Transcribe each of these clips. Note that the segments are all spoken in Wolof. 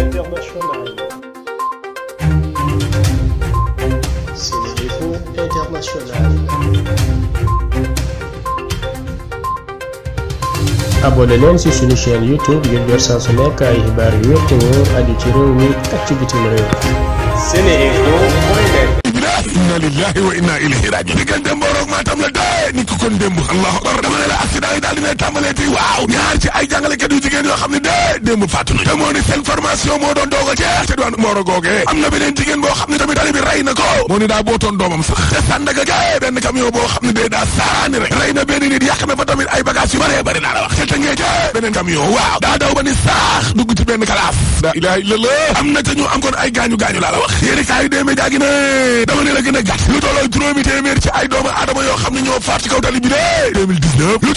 internationale. Scénario international. abonné leen ci suñu chaîne YouTube ngir jot saa su nekk ay xibaar yu wér te wóor aju ci réew mi ak ci bitim réew. Seneinfo.net inna lillahi wa inna ilayhi raji diggante mbooroog maatam la dee ni ko kon démb allahu akbar dama ne la accident yi daal dina tàmbalee tey waaw ñaar ci ay jàngalekat yu jigéen yoo xam ne dee démb faatu nañu te moo ni seen formation moo doon doog a jeex te doon moor a googee am na beneen jigéen boo xam ne tamit tali bi ko moo daa bootoon doomam sax te sàndaga gae benn camion boo xam ne dee daa saaraani rek rey na benn nit fa tamit ay bagage yu bëree bëri naa la wax beneen camion waaw daa daw ba ni saax dugg ci benn kalaaf daa ilaaha illallaah am na la wax yéeni kaay déemee jaagi ne dama ne la gën a gàtt lu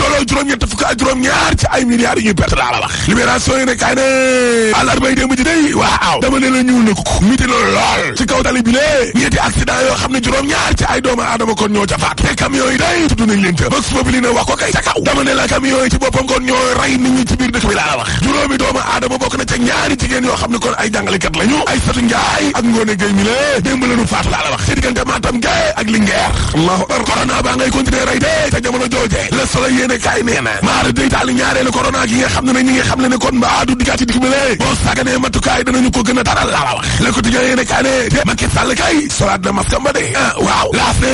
tolloo juróom-ñett fukk ak juróom-ñaar ci ay milliards yu ñu ci kaw tali bi de xam ne juróom-ñaar ci ay doomu aadama kon ñoo ca faat te camion yi day nañ leen ca vox populi ne wax ko kay ca kaw dama ne la camion ci boppam kon ñoo rey ni ñi ci biir dëkk bi laa la wax juróomi doomu aadama bokk na ca ñaari jigéen yoo xam ne kon ay jàngalekat lañu ay satu njaay ak ngoone gay mi la démb lañu faatu laa la wax ci diggante Matam gay ak Linguère allahu akbar corona baa ngay continuer rey dee ca jamono joojee Le Soleil yéene kaay nee na maara day taali ñaareelu corona gi nga xam ne ne ñi nga xam ne ne kon mbaa du dikkaat ci dikk bi la boo sàgganee matukaay danañu ko gën a taral laa la wax Le Quotidien yéene kaay ne te Macky Sall kay solaat na maskam ba de ah waaw laas ne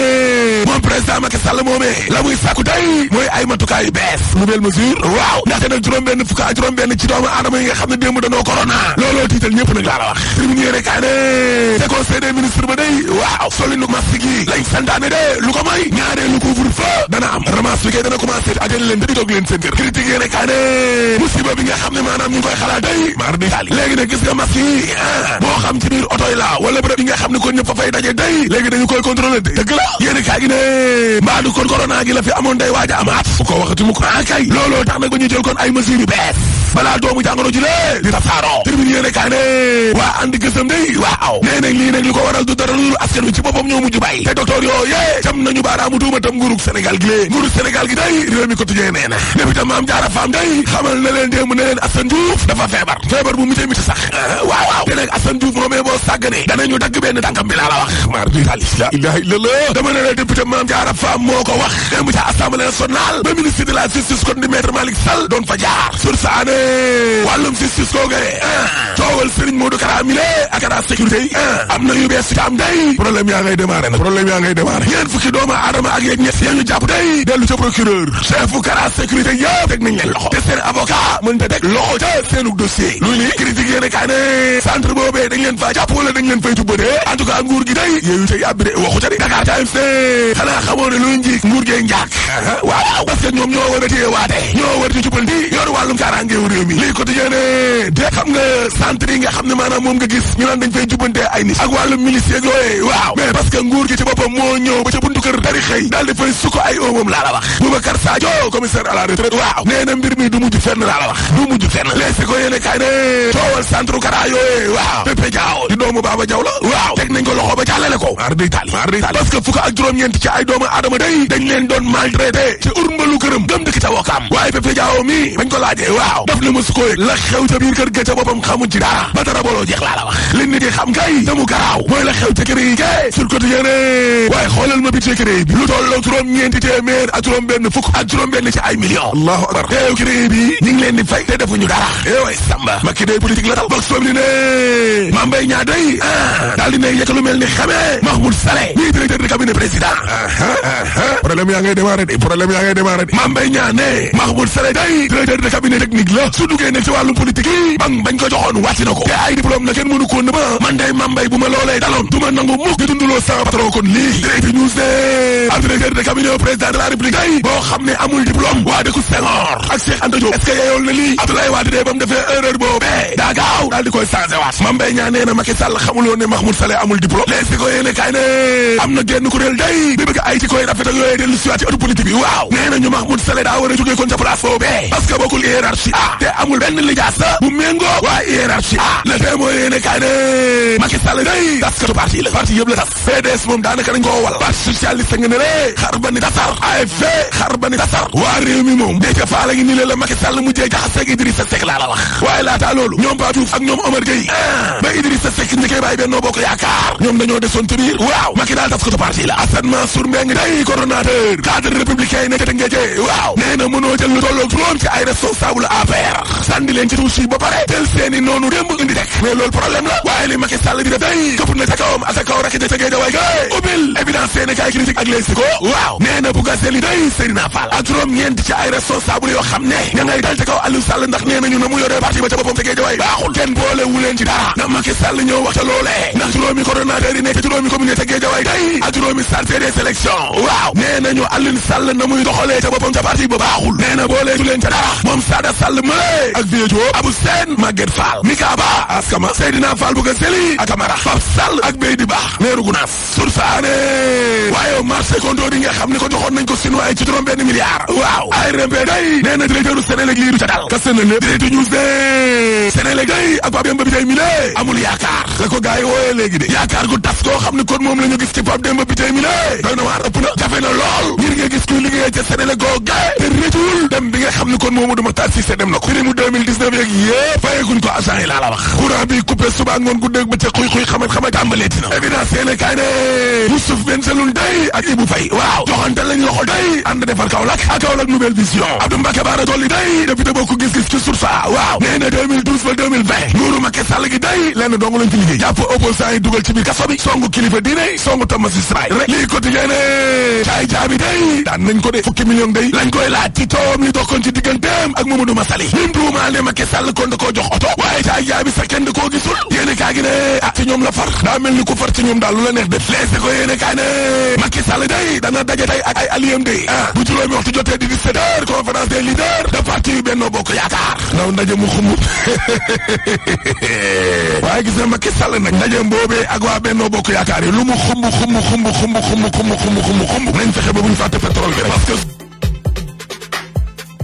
moom président Macky Sall moomee la muy sàkku tey mooy ay matukaay bees nouvelle mesure waaw ndaxte nag juróom-benn fukk ak juróom-benn ci doomu aadama yi nga xam ne démb danoo corona looloo tiital ñëpp la wax tribune yéene kaay ba day waaw soli nu masque yi lañ santaane de dana am ramasse bi kay dana commencé ajal leen te toog leen seen kër critique yéene kaay mbaadu kon corona gi la fi amoon day waaj a amaat bu ko waxati mu ko akay ah, looloo tax nag ba jël kon ay ay mesures yu bees balaa doomu jàngoro ji lée di tasaaroo termine yéene kaa ne waa andi gëstam day waaw nee nañ lii nag li ko waral du dara lu askan wi ci boppam ñoo mujj bàyyi te docteur yooyee jam nañu baaraamu tuuma tam nguurug Sénégal gi lée nguurug Sénégal gi day réew mi quotidien nee na ne itam maam jaara faam day xamal na leen démb ne leen Assane Diouf dafa feebar feebar bu mujjee mi sax ah, waaw waaw te nag Assane Diouf boo sàgganee danañu dagg benn tànkam jaar sur sa année wàllum justice koogee ah. coowal Serigne Modou Kara mi ak Kara sécurité ah. am na yu bees ci am day problème yaa ngay démarré nag problème yaa ngay démarré ñeent fukki doomu aadama ak yeeg ñett yaa ñu jàpp day dellu ca procureur chef bu Kara sécurité yëpp teg nañ leen loxo te seen avocat mën ta teg loxo ca seenu dossier luy lii critique yéen a centre boobee dañ leen faa jàpp wala dañ leen fay tubbadee en tout nguur gi day yooyu tey ah. a téye waate ñoo war di yor wàllum kaaraangeewu réew mi lii quotidien ne de xam nga centre yi nga xam ne maanaam moom nga gis ñu naan dañ fay jubbante ay nit ak wàllum milice yeeg yooyee waaw mais parce nguur gi ci boppam moo ñëw ba ca buntu kër dari xëy daal di fay sukko ay oomam laa la wax Boubacar Sadio commissaire à la waaw nee mbir mi du mujj fenn laa la wax du mujj fenn leesi ko yéene kaay ne coowal centre kara yooyee waaw Pépé Diaw di doomu Baba Diaw la waaw teg nañ ko ba jàllale ko mar day taali mar day taali parce que fukk ak juróom Aw mi bañ ko laajee waaw daf ne mësu ko yëg la xew ca biir kër ga ca boppam xamu ci dara ba dara boloo jeex laa la wax li nit yi xam kay damu garaaw mooy la xew ca kër yi kay sur côté yéene waaye xoolal ma bi ci kër yi bi lu tolloo juróom ñeenti téeméer ak juróom benn fukk ak juróom benn ci ay millions allahu akbar teew kër yi bi ñu leen di fay te defuñu dara eh way samba makki day politique la tal box soob ni ne Mame Mbaye Niang ah daal dina yekk lu mel ni xamee Mahmoud Saleh mii day directeur de cabinet technique la su duggee ne ci wàllum politique yi bang daa gaaw daal di koy changé mambay ñaa nee na Sall xamuloo ne Mahmoud Saleh amul diplôme les koy rafet ak yooyee dellu ci ëtu politique bi waaw nee ñu Mahmoud Saleh daa war a jógee kon ca place boobee ne parce que bokkul hiérarchie ah te amul benn lijaasa ah. bu méngoo waa hiérarchie ah le tey mooy yéene kaa ne Macky Sall day taskatu parti la parti yëpp la tas PDS moom daanaka dañ koo wal parti socialiste nga ne lee xar ba ni tasar AFP xar ba ni tasar waa réew mi moom dee ca faa la ngi ni le la Macky Sall mujjee jaxaseeg Idrissa Seck laa la wax waaye laataa loolu ñoom Pape ak ñoom Omar Gueye ah. ba Idrissa Seck njëkkee bàyyi Benno Bokk Yaakaar ñoom dañoo desoon waaw Macky daal taskatu woon ci ay responsable APR sànni leen ci tuus ba pare jël seen noonu démb indi rek mais loolu problème la waaye li Macky Sall di def day këpp na ca kawam ak sa kaw rek ca géej waay ubbil évidence seen i critique ak les si ko waaw nee na bu gaseli na mu yoree ca boppam ca géej waay ak juróomi chargé des élections waaw nee nañu Aliou Sall na muy doxalee ca boppam ca parti ba baaxul nee na boole leen ca dara moom Sada Sall mële ak Vieux Diop Abou Sène Maguette Fall Mika Ba askama Seydina Fall bu ga seli ak Amara Fab Sall ak Bey di baax meeru Gunaas sur saane waaye marché kondo di nga xam ne ko joxoon nañ ko sinuwaay ci juróom benn milliard waaw ARMP day nee na directeur Sénélec lii du ca dal kas na lépp direct news de Sénélec day ak Pape Demba Biteye mi lée amul yaakaar la ko gars yi wooyee léegi de yaakaar gu tas koo xam ne kon moom la gis ci Pape Demba Biteye mi lée doy nga xam ni kon Mamadou Makhtar Cissé loxo day ànd defar Kaolack ak Kaolack nouvelle vision Abdou Mbacké Bara Dolly day député bokk gis-gis ci source waaw nee na 2012 ba 2020 nguuru Macky Sall day lenn dong lañ ci liggéey jàpp dugal ci biir kaso bi songu kilifa diine songu tam magistrat rek lii quotidien day daan nañ ko de fukki million day lañ toom li dox doxoon ci digganteem ak Mamadou Masali lim duumaa ne Macky Sall kon da koo jox oto waaye caay jaay bi sa kenn da koo gisul a kaa gi ne ah ñoom la far daa mel ku far ci ñoom daal la neex def leese ko yéene kaa ne Macky Sall day dana daje tey ak ay alliés day ah bu juróomi waxtu jotee di 17 heures conférence des leaders de parti yu Benno Bokk Yaakaar ndaw ndaje mu xumut waaye gis na Macky Sall nag ndaje boobee ak waa Benno Bokk Yaakaar yi lu mu xumb xumb xumb xumb xumb xumb xumb xumb xumb nañ fexe ba buñ fàtte pétrole bi